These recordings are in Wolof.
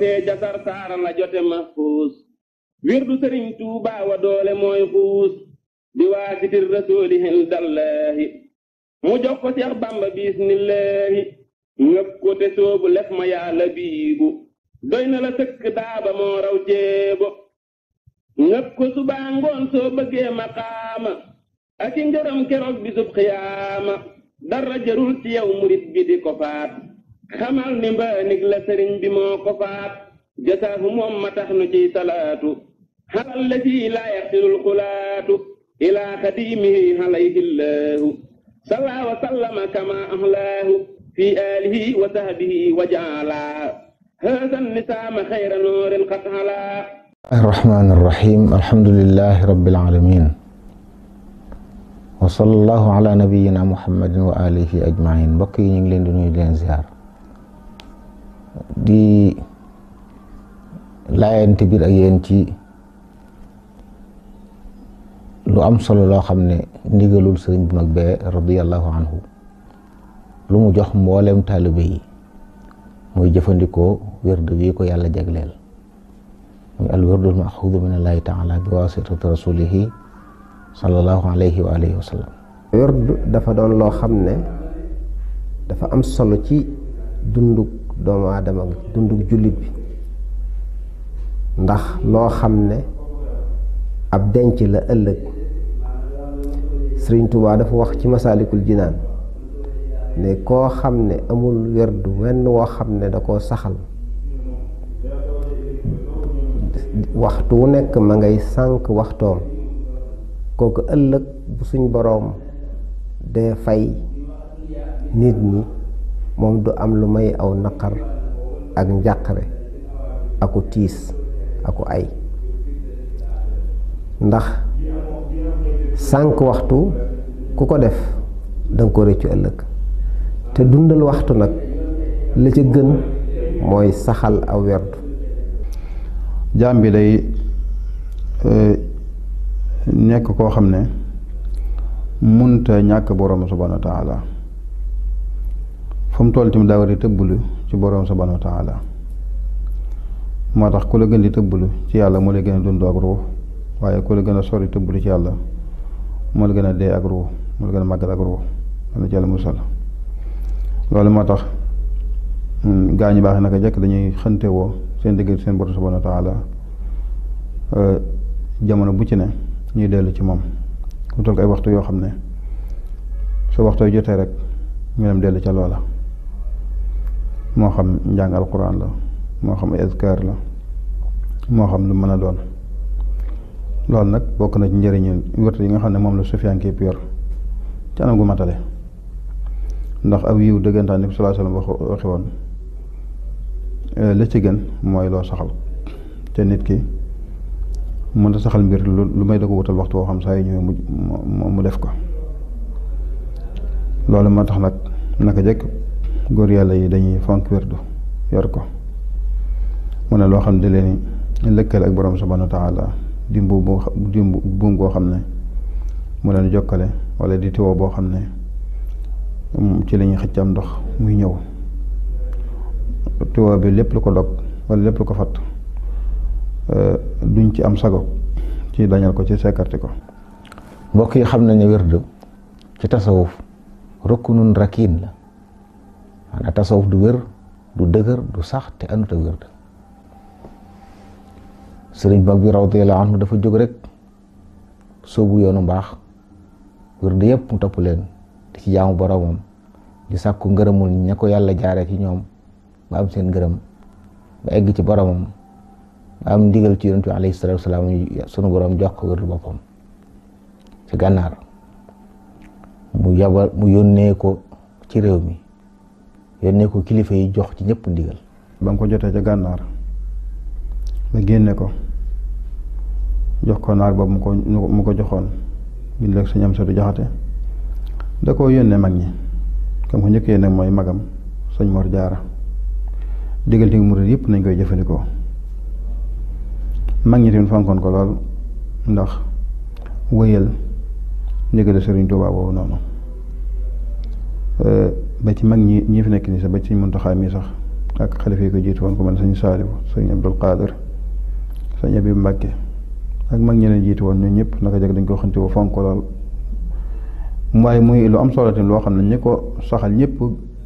wootee ja sarsaara la jote mahfuus wirdu sëriñ tuubaa wa doole mooy xuus di waasitir rasuuli hildallaahi mu jox ko seex bamba biismillaahi ngëp ko te soobu lef ma yàlla biibu doy na la sëkk daaba moo raw jeebo ngëp ko subaa ngoon soo bëggee maqaama ak i ngërëm keroog bisub xiyaama dara jarul ci yow murit bi di ko faat xamal ni mbaanig la sëriñ bi moo ko faat jasaahu moom ma tax nu ciy salaatu xalal la ci laa yaxsilul xulaatu ilaa xadiimihi alayhillaahu salaa wa sallama kama ahlaahu fi aalihi wa sahbihi wa jaalaa haasan nisaama xayra noorin qad halaa arrahmaan arrahiim alhamdulillaahi rabbil aalamiin wa sallallaahu alaa nabiyyinaa muhammadin wa aalihi ajmaiin mbokk yi ñu ngi leen di nuyu leen ziar di laayante biir a yéen ci lu am solo loo xam ne ndigalul sëriñ bu mag bee radiyallahu anhu lu mu jox mboolem taalibe yi muy jëfandikoo wérdu wi ko yàlla jagleel muy al wirdul maxuudu min allahi taala bi waasitati rasulihi sallallahu dafa doon loo xam ne dafa am solo ci dundu doomu aadama ak jullit bi ndax loo xam ne ab denc la ëllëg Sëriñ Tuubaa dafa wax ci masaalikul jinaan ne koo xam ne amul werdu wenn woo xam ne da koo saxal waxtu wu nekk ma ngay sànq waxtoom kooku ëllëg bu suñ boroom dee fay nit ñi moom du am lu may aw naqar ak njàqare aku tiis aku ay ndax sànq waxtu ku ko def danga ko rëccu ëllëg te dundal waxtu nag la ca gën mooy saxal aw werdu jaam bi day e, nekk koo xam ne munta ñàkk borom subhanahu wa fu mu toll tamit daa war a tëbblu ci boroom subhaanahu wa taala moo tax ku gën di tëbblu ci yàlla moo lay gën a dund ak waaye ku gën a sori ci yàlla moo la gën a dee ak ruux gën a màggal ak ruux dana ci yàlla musal moo tax mm, gaa ñu baax naka jekk dañuy xënte woo seen digg seen taala euh, jamono bu ci ne ñuy dellu ci moom ku ay waxtu yoo xam ne su waxtoo jotee rek ñu dem dellu ca loola moo xam njàng alquran la moo xam azkar la moo xam lu mën a doon loolu nag bokk na ci njëriñu wérte yi nga xam ne moom la sufiyanke yëpp yor ci anam gu matale ndax aw yiw dëggantaan ni bi sallallahu alayhi wasallam eh, ci gën mooy loo saxal te nit ki mënta saxal mbir lu may da ko wutal waxtu woo xam saa yu ñëwee mu mu def ko loolu moo tax nag naka jekk góor yàlla yi dañuy fonk wérdu yor ko mu ne loo xam ne da leen lëkkale ak borom subhanahu wa taala di mbuum di goo xam ne mu leen jokkale wala di tiwo boo xam ne ci lañuy xëccam ndox muy ñëw tiwo bi lépp lu ko dog wala lépp lu ko fat euh, duñ ci am sago ci dañal ko ci sekkarti ko mbokk yi xam nañu wérdu ci tasawuf rukkunun rakiin la maanaam tasawuf du wér du dëgër du sax te àndut ak wér sëriñ mag bi radiyallahu anhu dafa jóg rek soobu yoonu mbaax wér di yëpp mu topp leen di ci jaamu boromam di sàkku ngërëmul ña ko yàlla jaaree ci ñoom ba am seen ngërëm ba egg ci boromam ba am ndigal ci yonent bi alayhi salaatu wa salaam sunu borom jox ko wérul boppam ci gànnaar mu yabal mu yónnee ko ci réew mi yónnee ko kilifa yi jox ci ñëpp ndigal. ba mu ko jotee ca gànnaar ba génne ko jox ko naar boobu mu ko mu ko joxoon bind ak suñu am du jaxate da koo yónnee mag ñi kam ko njëkkee nag mooy magam sëñ Mor Jaara digal ci murid yëpp nañ koy jëfandikoo mag ñi tamit fonkoon ko lool ndax wëyal ndigal Sëriñ Tuubaa boobu noonu. Euh, ba ci mag ñi ñi fi nekk nii sax ba ci Muntaxa mi sax ak xalifa yi ko jiitu woon ko man sëñ Saalibu sëñ Abdul Qaadir sëñ Abibu Mbàkke ak mag ñi leen jiitu woon ñun ñëpp naka jëkk dañ ko xante woo fonk lool waaye muy lu am solo tamit loo xam ne ñi ko saxal ñëpp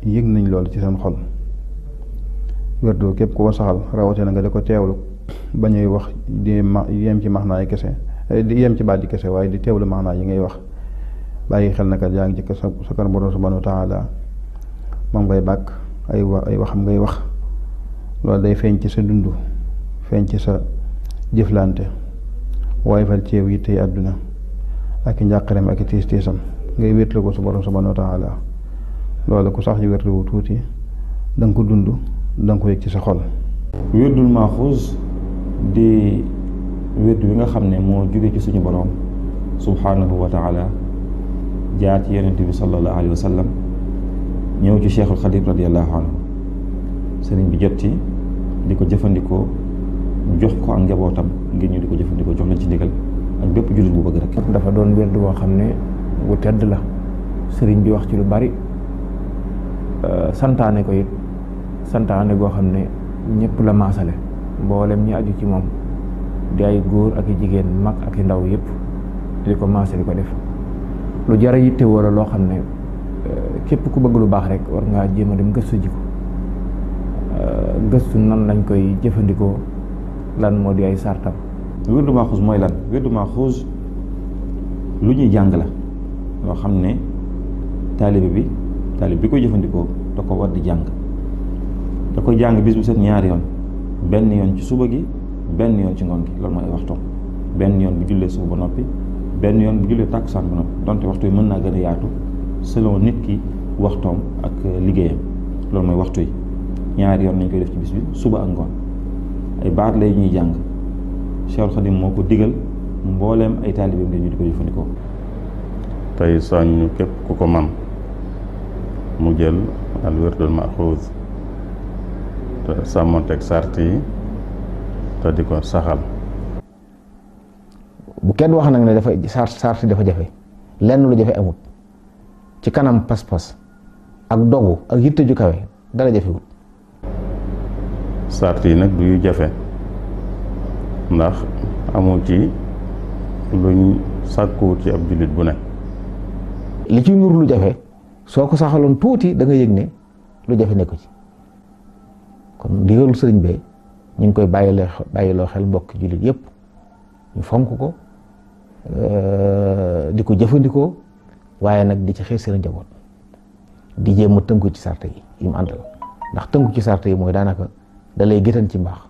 yëg nañ lool ci seen xol wérdu képp ku ko saxal rawatina nga di ko ba ñuy wax di ma yem ci max naa yi kese eh, di yem ci baat yi kese waaye di teewlu max naa yi ngay wax bàyyi xel naka yaa ngi jëkk sa sa kan borom subhanahu moom ngay bàkk ay wax waxam ngay wax loolu day feeñ ci sa dund feeñ ci sa jëflante waaye fal ceew yi àdduna ak i njàqareem ak i tiis tiisam ngay wéetlu ko su borom subhanahu wa taala loolu ku sax ci wértuwu tuuti danga ko dund da ko yëg ci sa xol wérdul maaxuus di wérdu bi nga xam ne moo jóge ci suñu borom subhanahu wa jaar ci yonent bi sallallahu alayhi wa sallam ñëw ci cheikhul xadim radiallahu anhu sëriñ bi jot ci di ko jëfandikoo jox ko ak njabootam ngir ñu di ko jëfandikoo jox leen ci ndigal ak bépp jullit bu bëgg rek. dafa doon wérdu boo xam ne bu tedd la sëriñ bi wax ci lu bari euh, santaane ko it santaane goo xam ne ñëpp la maasale mboolem ñi aju ci moom di ay góor ak i jigéen mag ak i ndaw yëpp di ko maasale ko def lu jar a yittewoo la loo xam ne. képp ku bëgg lu baax rek war ngaa jéem a dem gëstu ji ko euh, gëstu nan lañ koy jëfandikoo lan moo di ay sartam. wirdu maaxuus mooy lan wirdu maaxuus lu ñuy jàng la loo xam ne taalibe bi taalibe bi koy jëfandikoo da ko war di jàng da koy jàng bis bu set ñaari yoon benn yoon ci suba gi benn yoon ci ngoon gi loolu mooy waxtoom benn yoon bu jullee suba ba noppi benn yoon bu jullee tàkkusaan ba noppi donte waxtu mën naa gën a yaatu. selon nit ki waxtoom ak euh, liggéeyam loolu mooy waxtu yi ñaari yoon nañ koy def ci bis bi suba ak ngoon ay baat lay ñuy jàng Cheikh Khadim moo ko digal mbooleem ay taalibeem ñu di ko jëfandikoo tey sañu képp ku ko man mu jël al wirdul maxuuz te sàmmonteeg sart yi te di ko saxal bu kenn wax nag ne dafa sart sart dafa jafe lenn lu jafe amut ci kanam pas-pas ak dogu ak yitte kawe dara jafewut sart yi nag du yu jafe ndax amul ci luñ sàkkuwut ci ab jullit bu ne li ci nur lu jafe soo ko saxaloon tuuti da nga yëg ne lu jafe nekku ci kon ndigalu sëriñ bee ñu ngi koy bàyyiloo bàyyiloo xel mbokk jullit yépp ñu fonk ko euh, di ko jëfandikoo waaye nag di ci xiir seen njaboot di jéem a tënku ci sarte yi yi mu àndal ndax tënku ci sarte yi mooy daanaka da lay gétan ci mbaax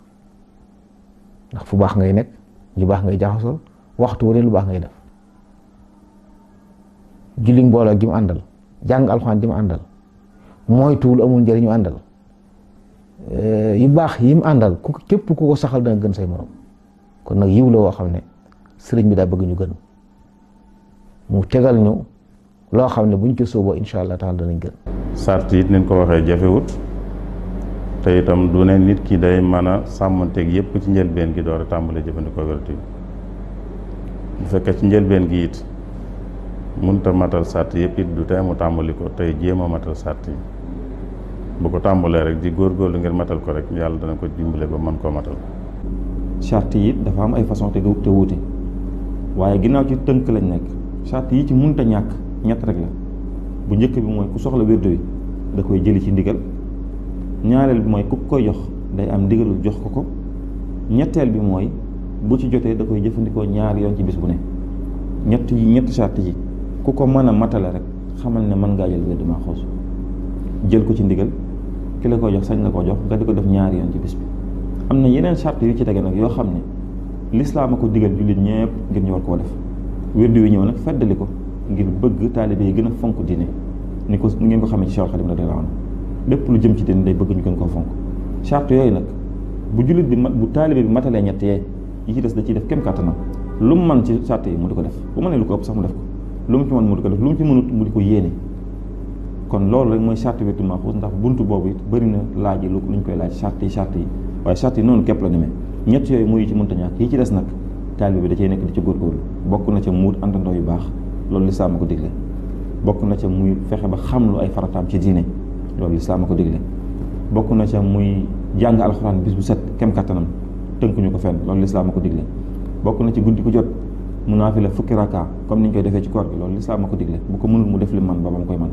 ndax fu baax ngay nekk ñu baax ngay jaxasoo waxtu wu lu baax ngay def julli mbooloo gi mu àndal jàng alxuraan gi mu àndal moytuwul amul njëriñu àndal eh, yi baax yi mu àndal ku képp ku ko saxal danga gën say moroom kon nag yiw la woo xam ne sëriñ bi daa bëgg ñu gën mu tegal ñu loo xam ne buñ ci sóoboo incha allah taala danañ gën. sart it nañ ko waxee jafewut te itam du ne nit ki day mën a sàmmanteeg yëpp ci njëlbeen gi door tàmbalee jëfandikoo wérdi bu fekkee ci njëlbeen gi it matal sart yëpp it du tee mu tàmbali ko tey jéem a matal sart yi ko tàmbalee rek di góorgóorlu ngir matal ko rek yàlla dana ko dimbale ba mën koo matal. charte dafa am ay façon te te wuute waaye ginnaaw ci tënk lañ nekk charte yi ci munta ñàkk ñett rek la bu njëkk bi mooy ku soxla wérdu wi da koy jëli ci ndigal ñaareel bi mooy ku koy jox day am ndigalul jox ko ko ñetteel bi mooy bu ci jotee da koy jëfandikoo ñaari yoon ci bis bu ne ñett yi ñetti sart ku ko mën a matale rek xamal ne mën ngaa jël wérdu maa jël ko ci ndigal ki la jox sañ la ko jox nga ko def ñaari yoon bi am na yeneen sart yu ci tege nag yoo xam ne lislaam a ko digal jullit ñëpp ngir ñu war koo def wérdu wi ñëw nag feddali ko ngir bëgg taalibe yi gën a fonk diine ni ko ni ngeen ko xamee ci Cheikh Khadim radiyallahu anhu lépp lu jëm ci diine day bëgg ñu gën koo fonk charte yooyu nag bu jullit bi bu taalibe bi matalee ñett yee yi da ciy def kem kàttanam lu mu man ci charte yi ko def bu mënee lu ko def ko lu mu ci mën mu di ko def lu mu ci mënut mu di ko yéene kon loolu rek mooy charte wetu maaxuus ndax buntu boobu bëri na laaj yi lu ñu koy laaj charte yi yi waaye charte yi noonu képp la demee ñett yooyu mooy yi ci mënta ñàkk des nag taalibe bi da cay nekk di ci góorgóorlu bokk na ca muut àndandoo yu baax loolu lislaam a ko digle bokk na ca muy fexe ba xam lu ay farataam ci diine loolu lislaam a ko digle bokk na ca muy jàng alxuraan bis bu set kem kattanam ñu ko fenn loolu lislaam a ko digle bokk na ci guddi ku jot mu naafila fukki raka comme ni ñu koy defee ci koor gi loolu lislaam a bu ko mu def li man ba ba mu koy man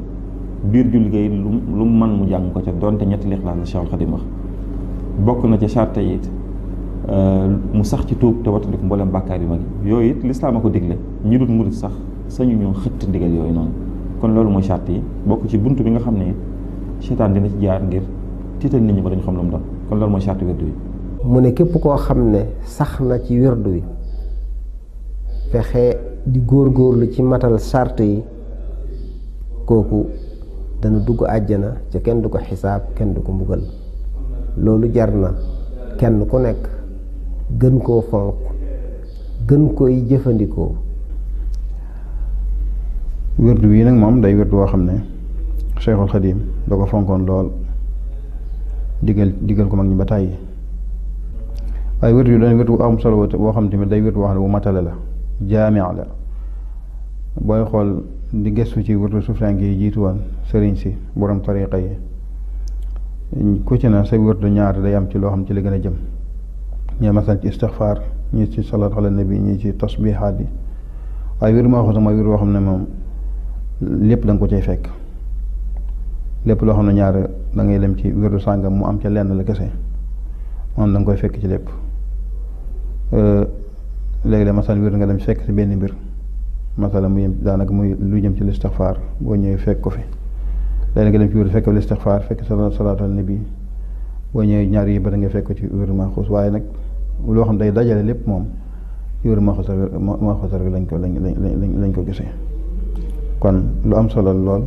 biir ju liggéey lu man mu jàng ko ca donte ñetti lixlaas la Cheikhul Xadim wax bokk na ca charte yi it euh, mu sax ci tuub te watandiku mboolem bàkkaar yu mag yooyu it lislaam a ko digle ñi dul murit sax sañu ñoo xëtt ndigal yooyu noonu kon loolu mooy charte yi bokk ci bunt bi nga xam ne seytaan dina ci jaar ngir tiital nit ñi ba dañu xam lu mu doon kon loolu mooy charte wirdu yi mu ne képp koo xam ne sax na ci wirdu wi fexe di góorgóorlu ci matal charte yi kooku dana dugg àjjana ca kenn du ko xisaab kenn du ko mbugal loolu jar na kenn ku nekk gën koo fonk gën koy jëfandikoo wérdu wii nag moom day wérdu woo xam ne Cheikhul Xadim da ko fonkoon lool digal digal ko mag ñi ba tàyyi waaye wérdu yi doon wérdu am solo boo xam tamit day wérdu woo xam ne bu matale la jaamia xool di gëstu ci wérdu suufiyanke yi jiitu woon sëriñ si borom tariqa yi na sa wérdu ñaar day am ci loo xam ci li gën jëm ñee masal ci istixfaar ñii ci salaat ala nabi ñii ci tasbihaat yi waaye wér moo xam woo xam ne moom lépp danga ko cay fekk lépp loo xam ne ñaar da ngay dem ci wérdu sàngam mu am ca lenn la kese moom na nga koy fekk ci lépp euh, léegi de masal wér nga dem ci fekk ci benn mbir masala mu yem daanaka muy lu jëm ci listixfaar boo ñëwee fekk ko fi léegi nga dem ci wér fekk fi listixfaar fekk salaatu ala bi boo ñëwee ñaar yi ba da nga fekk ko ci wér maxuus waaye nag loo xam day dajale lépp moom wér maxuus rek lañ ko lañ lañ lañ ko gisee. kon lu am solo lool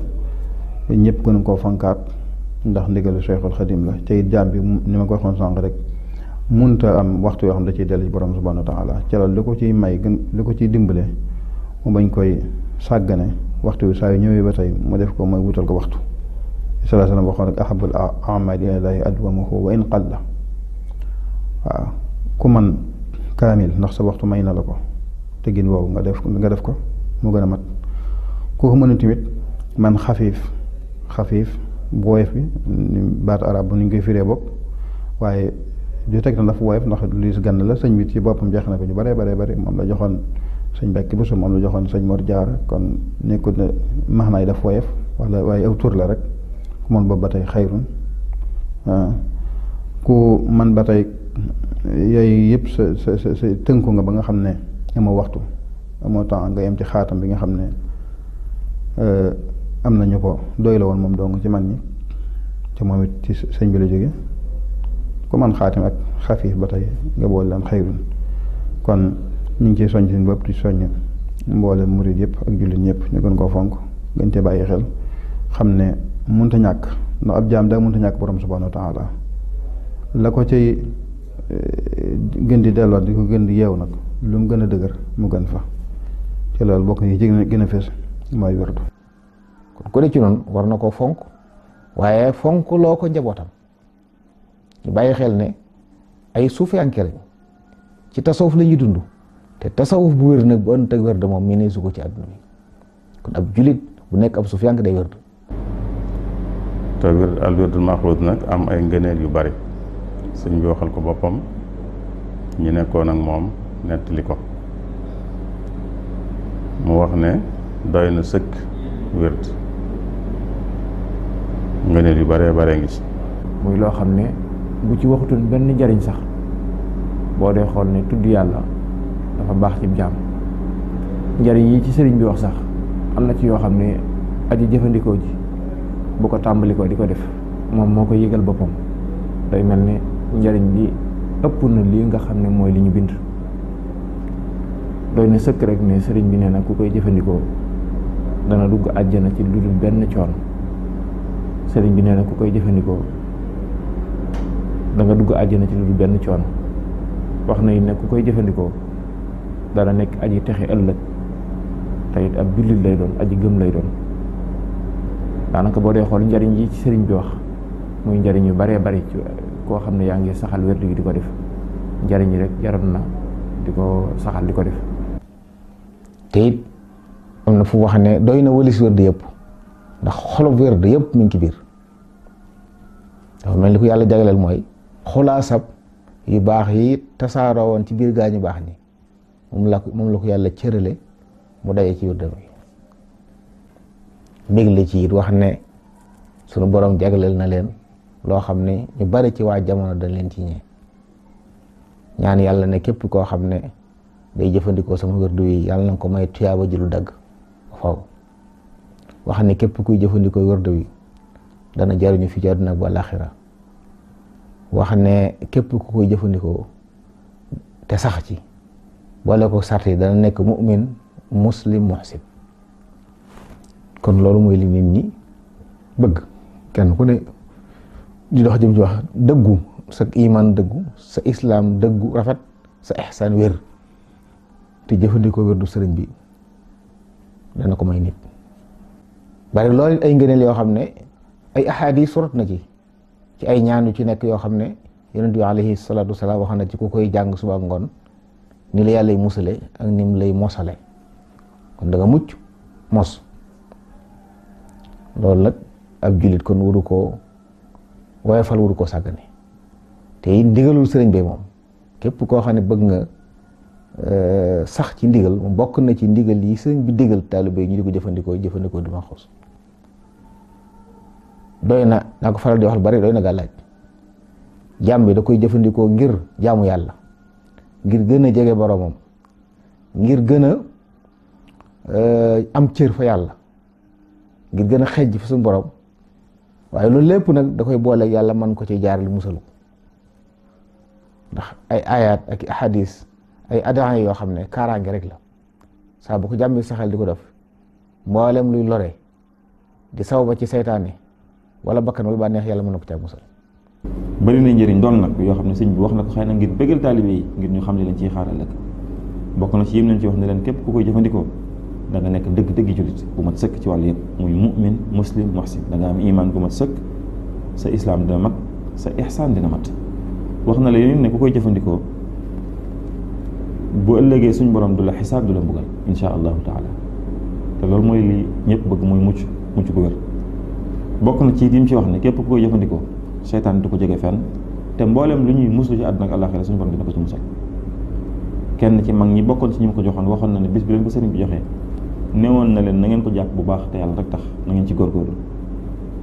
ñëpp gën koo fonkaat ndax ndigalu Cheikhul Xadim la te it jaam bi ni ma ko waxoon sànq rek munta am waxtu yoo xam da ciy dellu ci borom subhanahu wa taala ca la ko ciy may gën lu ko ciy dimbale mu bañ koy sàggane waxtu wi saa yu ñëwee ba tey mu def ko mooy wutal ko waxtu sallallahu alayhi wa sallam waxoon rek ahabul amali ilallahi wa in qalla man kaamil ndax sa waxtu may na la ko te gin woowu nga def nga def ko mu gën a ku ko mënut tamit man xafiif xafiif bu woyof bi baatu arab bu ni ñu koy firee bopp waaye ju teg na dafa woyof ndax luy gann la sañ bi ci boppam jeex na ko ñu bare bare bare moom la joxoon sëñ Mbàkke Buso moom la joxoon sëñ Mor Jaara kon nekkut na maxnaay dafa woyof wala waaye aw tur la rek ku mën boobu ba tey xayrun ah, ku man ba tey yooyu yëpp sa sa sa tënku nga ba nga xam ne amoo waxtu amoo temps nga yem ci xaatam bi nga xam ne Euh, am nañu ko doy la woon moom dong ci man ñi te moom it ci sëñ bi la jóge ku man xaatim ak xafiif ba tey nga boole leen xayrun kon ñu ngi ciy soññ seen bopp di soññ mboole murid yëpp ak jullit ñëpp ñu gën koo fonk gën cee bàyyi xel xam ne mënta ñàkk ndax ab jaam daa mënta ñàkk borom subhaanahu wa taala la ko cay eh, gën di delloo di ko gën di yeew nag lu mu gën a dëgër mu gën fa ci loolu bokk yi ci gën a gën a fës mooy wirdu kon ku ne ci noonu war na ko fonk waaye fonk loo ko njabootam ñu bàyyi xel ne ay suufi anke lañ ci tasawuf la ñuy dund te tasawuf bu wér nag bu ënd ak wérd moom mii ne su ko ci àdduna bi kon ab julit bu nekk ab suufi anke day wérd te wérd al wérdul maxluud nag am ay ngëneel yu bari sëñ bi waxal ko boppam ñu nekkoon ak moom nettali ko mu wax ne doy na sëkk wérd yu bare bare muy loo xam ne bu ci waxutoon benn njariñ sax boo dee xool ne tudd yàlla dafa baax ci jàmm njariñ yi ci sëriñ bi wax sax am na ci yoo xam ne aji jëfandikoo ji bu ko tàmbalikoo di ko def moom moo ko yëgal boppam day mel ne njariñ li ëpp na lii nga xam ne mooy li ñu bind doy na sëkk rek ne sëriñ bi nee na ku koy jëfandikoo dana dugg àjjana ci lu dul benn coon sëriñ bi nee na ku koy jëfandikoo danga nga dugg àjjana ci lu dul benn coon wax na yu ne ku koy jëfandikoo dana nekk aji texe ëllëg te it ab jullit lay doon aji gëm lay doon daanaka boo dee xool njariñ yi ci sëriñ bi wax muy njariñ yu baree bari ci koo xam ne yaa ngi saxal wérdu gi di ko def njariñ yi rek jaral na di ko saxal di ko def te am na fu wax ne doy na walis wërd yëpp ndax xolub wërd yëpp mi ngi ci biir dafa mel ni yàlla jagleel mooy sab yu baax yi tasaaroo woon ci biir gaa ñu baax ni moom la yàlla cërale mu daje ci wërdam yi bégle wax ne sunu borom jagleel na leen loo xam ne ñu bari ci waa jamono dañ leen ci ñee ñaan yàlla ne képp koo xam ne day jëfandikoo sama wërdu yi yàlla na ko may tuyaaba ji dagg faw wax ne képp kuy jëfandikoo wërd wi dana jariñu fi ci àdduna ak àllaaxira wax ne képp ku koy jëfandikoo te sax ci boole ko sart yi dana nekk mu'min muslim muhsin kon loolu mooy li nit bëgg kenn ku ne di dox jëm ci wax dëggu sa iman dëggu sa islaam dëggu rafet sa ihsaan wér te jëfandikoo wér sëriñ bi dana ko may nit bari loolu ay ngëneel yoo xam ne ay ahadis surat na ci ci ay ñaan yu ci nekk yoo xam ne yonent bi alayhi salaatu wasalaam wax na ci ku koy jàng suba ak ngoon ni la yàlla lay musale ak ni lay mosale kon danga mucc mos loolu nag ab julit kon waru koo woyofal waru koo sàggane te it ndigalul sëriñ bi moom képp koo xam ne bëgg nga Euh, sax ci ndigal bokk na ci ndigal yi sëñ bi digal taalibe ñu di ko jëfandikoo jëfandikoo du maxuus doy na naa ko faral di wax lu bari doy na gàllaaj jàmm bi da koy jëfandikoo ngir jaamu yàlla ngir gën a jege boromam ngir gën a euh, am cër fa yàlla ngir gën a xejj fa suñu borom waaye loolu lépp nag da koy booleeg yàlla man ko ci jaarale musal ko ndax ay ayaat ak i ahadis ay adaan yoo xam ne kaaraange rek la saa bu ko jàmmi saxel di ko def mboolem luy lore di sawba ci seytaane wala bakkan wala bànneex yàlla mën na ko caa musal bëri na njëriñ doon nag yoo xam ne sëñ bi wax na ko xëy na ngir bëggal taalibe yi ngir ñu xam ne leen ciy xaaral lëkk bokk na ci yim nañ ci wax ne leen képp ku koy jëfandikoo da nga nekk dëgg dëgg jullit bu mat sëkk ci wàll yëpp muy mu'min muslim muhsin da nga am iman bu mat sëkk sa islam dina mat sa ihsaan dina mat wax na la yooyu ne ku koy jëfandikoo bu ëllëgee suñu borom du la xisaab du la mbugal insha allah taala te loolu mooy li ñëpp bëgg mooy mucc mucc gu wér bokk na ci li mu ci wax ne képp ku koy jëfandikoo seytaan du ko jege fenn te mbooleem lu ñuy musul ci àdduna ak àllaaxira suñu borom dina ko ci musal kenn ci mag ñi bokkoon si ñi mu ko joxoon waxoon na ne bis bi leen ko sëriñ bi joxee newoon na leen na ngeen ko jàpp bu baax te yàlla rek tax na ngeen ci góorgóorlu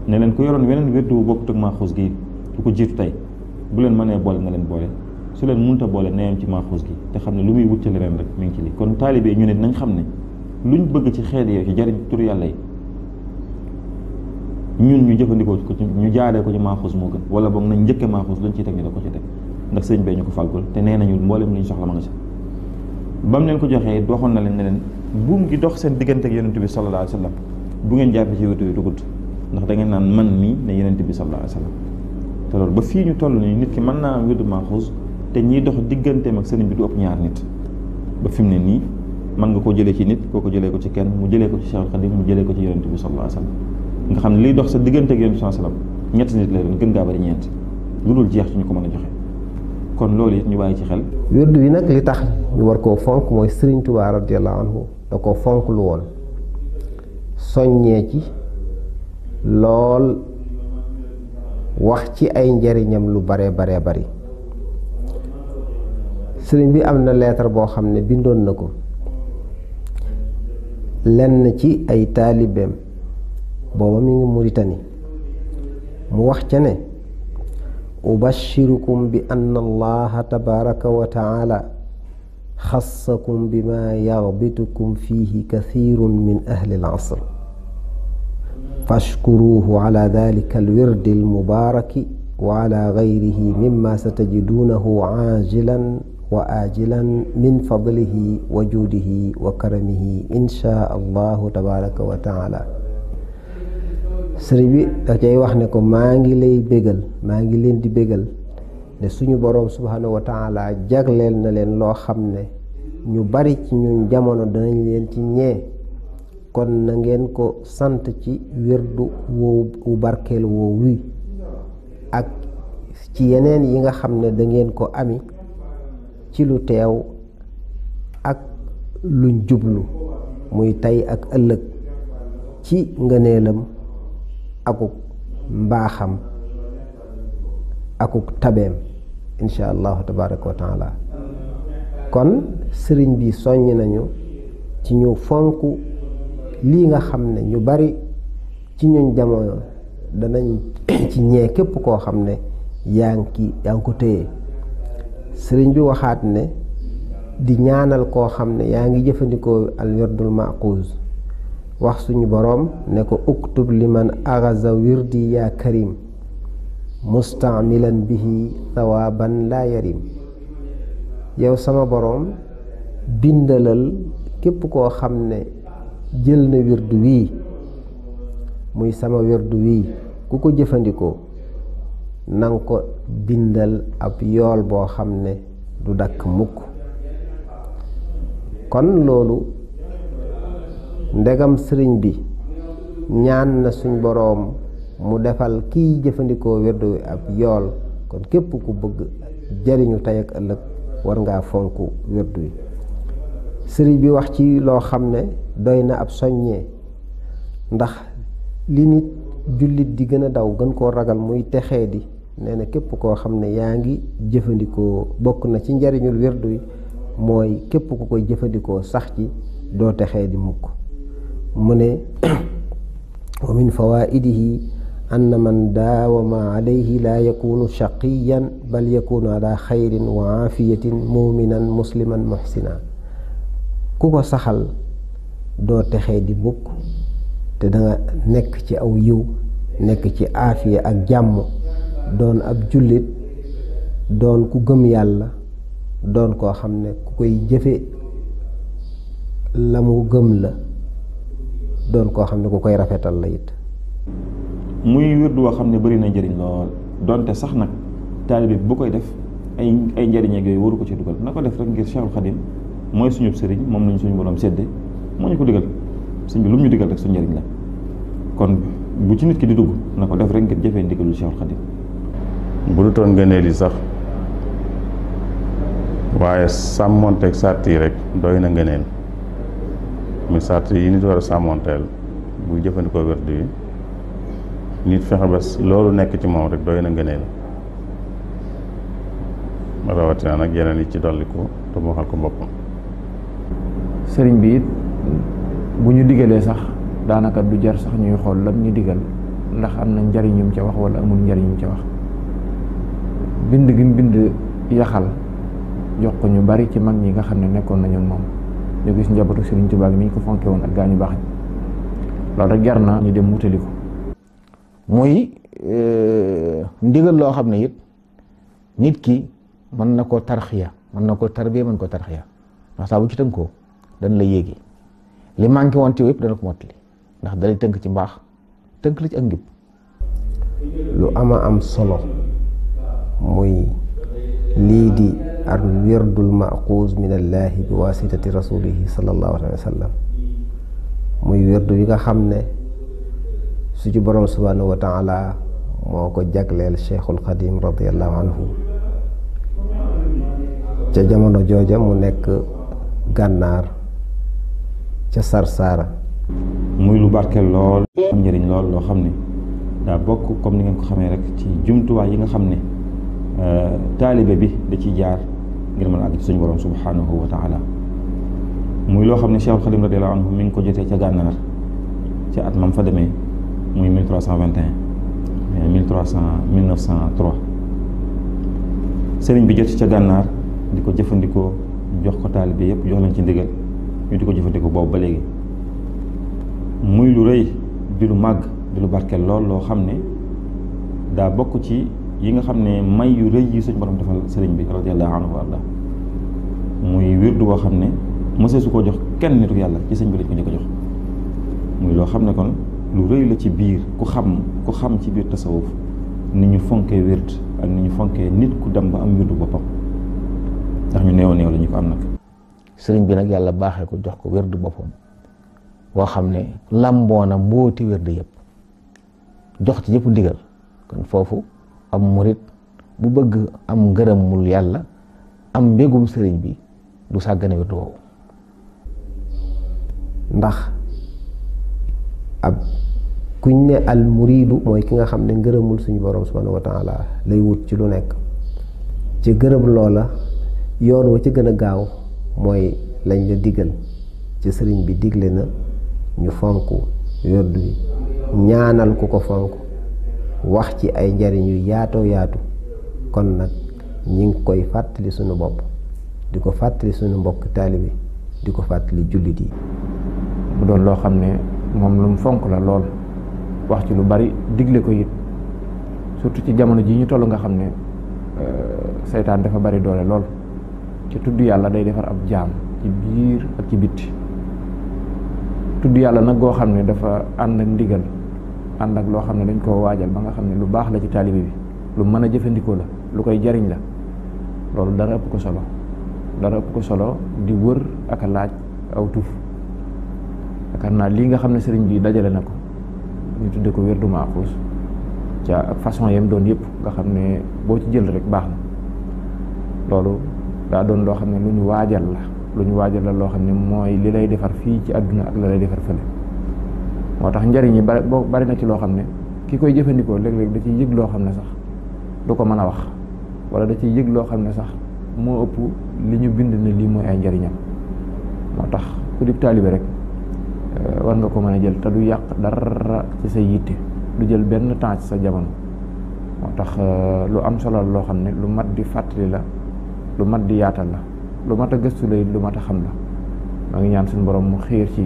ne leen ku yoroon weneen wérdu bu bokk tëg maa gi du ko jiitu tey bu leen mënee boole na leen boole su leen mënut a boole nayam ci maaxuus gi te xam ne lu muy wut ci leneen rek mi ngi ci li kon taalibe ñu ne nañ xam ci xeet yooyu ci jariñ tur yàlla ñun ñu jëfandikoo ko ci ñu jaaree ko ci maaxuus moo gën wala boog nañ njëkke maaxuus luñ ciy teg ñu da ko ci teg ndax sëñ bee ñu ko fàggul te nee nañu mboolem lu ñu soxla ma nga ci ba mu leen ko joxee waxoon na leen ne leen buum gi dox seen diggante ak yonent bi sallallahu alayhi wa bu ngeen jàppee ci wetu yi gudd ndax da ngeen naan man mii ne yonent bi sallallahu alayhi wa sallam ki mën naa am wirdu te ñiy dox digganteem ak sëriñ bi du ëpp ñaar nit ba fi mu ne nii mën nga koo jëlee ci nit koo ko jëlee ko ci kenn mu jëlee ko ci Cheikhul Khadim mu jëlee ko ci yonent bi sallallahu alayhi wasallam nga xam ne liy dox sa diggante ak yonent bi sallallahu alayhi ñetti nit la doon gën ngaa bari ñeent lu dul jeex ci ñu ko mën a joxe kon loolu it ñu bàyyi ci xel wérdu bi nag li tax ñu war koo fonk mooy Sëriñ Tuubaa radiyallahu anhu da koo fonk lu woon soññee ci lool wax ci ay njariñam lu bare bare bari sëriñ bi am na leetar boo xam ne bindoon na ko lenn ci ay taalibeem booba mi ngi Muritani mu wax ca ne ubashirukum bi anna allaha tabaraka wa taala xassakum bi ma yaxbitukum fiihi kathirun min ahli al asr fashkuruhu ala dalika alwirdi almubaraki wa ala gayrihi mimma satajidunahu ajilan wa ajilan min fadlihi wa juudihi wa karamihi insha allahu tabaraka wa taala sëriñ bi da cay wax ne ko maa ngi lay bégal maa ngi leen di bégal ne suñu borom subhaanahu wa taala jagleel na leen loo xam ne ñu bari ci ñun jamono danañ leen ci ñee kon na ngeen ko sant ci wérdu woowu barkeel woowu ak ci yeneen yi nga xam ne dangeen ko ami ci lu teew ak luñ jublu muy tey ak ëllëg ci ngëneelam akuk mbaaxam akuk tabeem insha allahu tabaraka wa taala kon sëriñ bi soññ nañu ci ñu fonk lii nga xam ne ñu bari ci ñun jamono danañ ci ñee képp koo xam ne yaa ngi yaa ngi ko téye sëriñ bi waxaat ne di ñaanal koo xam ne yaa ngi jëfandikoo al wirdul maquz wax suñu boroom ne ko uktub liman agaza wirdi yaa karim mustaamilan bihi thawaaban laa yarim yow sama boroom bindalal képp koo xam ne jël na wirdu wii muy sama wirdu wii ku ko jëfandikoo nanga ko bindal ab yool boo xam ne du dakk mukk kon loolu ndegam sëriñ bi ñaan na suñ boroom mu defal kiy jëfandikoo werdu wi ab yool kon képp ku bëgg jariñu tey ak ëllëg war ngaa fonk werdu wi sëriñ bi wax ci loo xam ne doy na ab soññee ndax li nit jullit di gën a daw gën koo ragal muy texee di nee na képp koo xam ne yaa ngi jëfandikoo bokk na ci njariñul wirdu yi mooy képp ku koy jëfandikoo sax ci doo texee di mukk mu ne wa min fawaidihi anna man daawama alayhi laa yakunu shaqiyan bal yakunu ala xayrin wa aafiyatin muminan musliman muhsina ku saxal doo texee di mukk te danga nekk ci aw yiw nekk ci aafiya ak jàmm doon ab jullit doon ku gëm yàlla doon koo xam ne ku koy jëfe la mu gëm la doon koo xam ne ku koy rafetal la it muy wird woo xam ne bari na njëriñ lool donte sax nag taalibe bu koy def ay ay njëriñ yooyu waru ko ci dugal na ko def rek ngir Cheikhul Khadim mooy suñu sëriñ moom lañu suñu borom sedde moo ñu ko digal suñ bi lu mu ñu digal rek suñu njëriñ la kon bu ci nit ki di dugg na ko def rek ngir jëfee ndigalul Cheikhul Khadim bu du toon ngëneel yi sax waaye sàmmonteeg sàrt yi rek doy na ngëneel mi sàrt yi nit war a sàmmonteel buy jëfandikoo werdu yi nit fexe ba loolu nekk ci moom rek doy na ngëneel rawatina nag yeneen yi ci dolliku te mu waxal ko boppam sëriñ bi it bu ñu digalee sax daanaka du jar sax ñuy xool lam ñu digal ndax am na njariñum ca wax wala amul njariñum ca wax bind gi mu bind yaxal jox ko ñu bari ci mag ñi nga xam ne nekkoon nañu moom ñu gis njabootu Serigne Touba mi ñu ko fonke woon ak gaa ñu baax ñi loolu rek jar na ñu dem wutali ko muy e, ndigal loo xam ne it nit ki mën na koo tarxiya mën na koo tarbiya mën ko tarxiya ndax saa bu ci tënkoo dañ la yéegi li manqué woon ci yëpp dana ko mottali ndax dalay tënk ci mbaax tënk la ci ak njub lu ama am solo muy lii di al wirdul maquuz min allaahi bi wasitati rasulihi sallallahu alayhi wa sallam muy wirdu yi nga xam ne su ci borom subhanahu wa taala moo ko jagleel cheikhul xadim radiallahu anhu ca jamono jooja mu nekk gànnaar ca sarsaara muy lu barkeel lool am lool loo xam ne daa bokk comme ni ngeen ko xamee rek ci jumtuwaay yi nga xam ne Euh, taalibe bi da ciy jaar ngir mën a àgg ci suñu borom subhanahu wa taala muy loo xam ne Cheikhul Khadim radiyallahu anhu mi ngi ko jotee ca gànnaar ci at mam fa demee muy 1321 1300 1903 sëriñ bi jot ca gànnaar di ko jëfandikoo jox ko taalibe yëpp jox lañ ci ndigal ñu di ko jëfandikoo boobu ba léegi muy lu rëy di lu màgg di lu barkeel lool loo xam ne daa bokk ci yi nga xam ne may yu rëy yi suñu borom defal sëriñ bi radiyallahu anhu wa arda muy wirdu boo xam ne mësee su ko jox kenn nitu yàlla ci sëñ bi lañ ko njëkk jox muy loo xam ne kon lu rëy la ci biir ku xam ku xam ci biir tasawuf ni ñu fonkee wird ak ni ñu fonkee nit ku dem ba am wirdu boppam ndax ñu néew néew lañu ko am nag sëriñ bi nag yàlla baaxee ko jox ko wirdu boppam woo xam ne làmboona mbooti wirdu yëpp jox ci yëpp ndigal kon foofu am murit bu bëgg am ngërëmul yàlla am mbégum sëriñ bi du sàggane wirdu woowu ndax ab kuñ ne al muridu mooy ki nga xam ne ngërëmul suñu borom subhanahu wa lay wut ci lu nekk ci gërëm loola yoon wa ci gën a gaaw mooy lañ la digal ci sëriñ bi digle na ñu fonk wird bi ñaanal ku ko fonk wax ci ay njariñ yu yaatoo yaatu kon nag ñi ngi koy fàttali suñu bopp di ko fàttali suñu mbokk taalibe di ko fàttali jullit yi bu doon loo xam ne moom lu mu fonk la lool wax ci lu bari digle ko it surtout ci jamono ji ñu toll nga xam ne euh, seytaan dafa bari doole lool ci tudd yàlla day defar ab jaam ci biir ak ci bitti tudd yàlla nag goo xam ne dafa ànd ak ndigal ànd ak loo xam ne dañ koo waajal ba nga xam ne lu baax la ci taalibe bi lu mën a jëfandikoo la lu koy jariñ la loolu dara ëpp ko solo dara ëpp ko solo di wër ak a laaj aw tuuf yaakaar naa lii nga xam ne sëriñ bi dajale na ko ñu tudde ko wérdu maaxuus ca ak façon yam doon yëpp nga xam ne boo ci jël rek baax na loolu daa doon loo xam ne lu ñu waajal la lu ñu waajal la loo xam ne mooy li lay defar fii ci àdduna ak la lay defar fële moo tax njariñ yi bari boo bari na ci loo xam ne ki koy jëfandikoo léeg-léeg da ciy yëg loo xam ne sax du ko mën a wax wala da ciy yëg loo xam ne sax moo ëpp li ñu bind ne lii mooy ay njariñam moo tax ku di taalibe rek euh, war nga ko mën a jël te du yàq dara ci sa yitte lu jël benn temps sa jamono moo tax euh, lu am solo loo xam ne lu mat di fàttali la lu mat di yaatal la lu mat a gëstu la lu mat a xam la maa ngi ñaan suñ borom mu xiir ci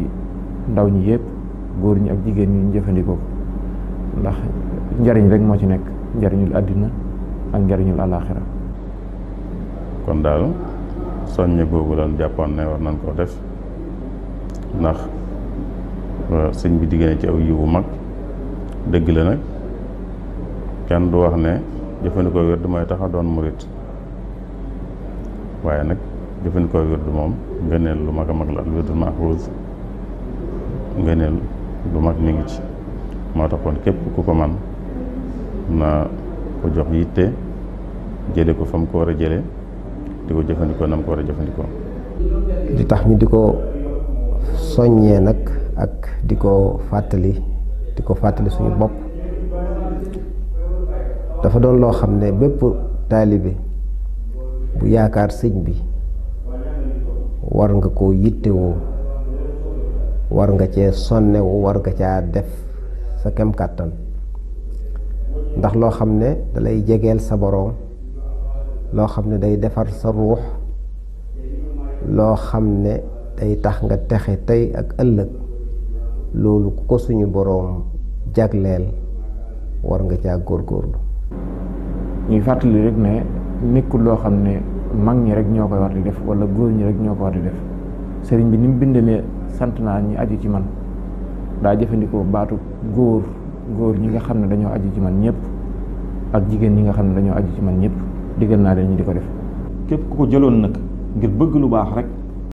ndaw ñi yépp góor ñi ak jigéen ñi ñu jëfandikoo ndax njariñ rek moo ci nekk njariñul àddina ak njariñul àllaaxira kon daal soññe googu lan jàppoon ne war nañ koo def ndax euh, sëñ bi diggéene ci aw yiwu mag dëgg la nag kenn du wax ne jëfandikoo wird mooy tax a doon murit waaye nag jëfandikoo wird moom ngëneel lu mag a mag la al wirdul maxuus ngëneel lu mag mi ngi ci moo taxoon képp ku ko man na ko jox yitte jële ko fa mu ko war a jële di ko jëfandikoo na mu ko war a jëfandikoo li tax ñu di ko soññee nag ak di ko fàttali di ko fàttali suñu bopp dafa doon loo xam ne bépp taalibe bu yaakaar sëñ bi war nga ko yittewoo war nga cee sonnewu war nga caa def sa kem kàttan ndax loo xam ne dalay jegeel sa boroom loo xam ne day defar sa ruux loo xam ne day tax nga texe tey ak ëllëg loolu ku ko suñu boroom jagleel war nga caa góorgóorlu ñuy fàttali rek ne nekkul loo xam ne mag ñi rek ñoo koy war di def wala góor ñi rek ñoo ko war def sëriñ bi ni mu bind ne sant naa ñi aju ci man daa jëfandikoo baatu góor góor ñi nga xam ne dañoo aju ci man ñëpp ak jigéen ñi nga xam ne dañoo aju ci man ñëpp digal naa leen ñu di ko def képp ku ko jëloon nag ngir bëgg lu baax rek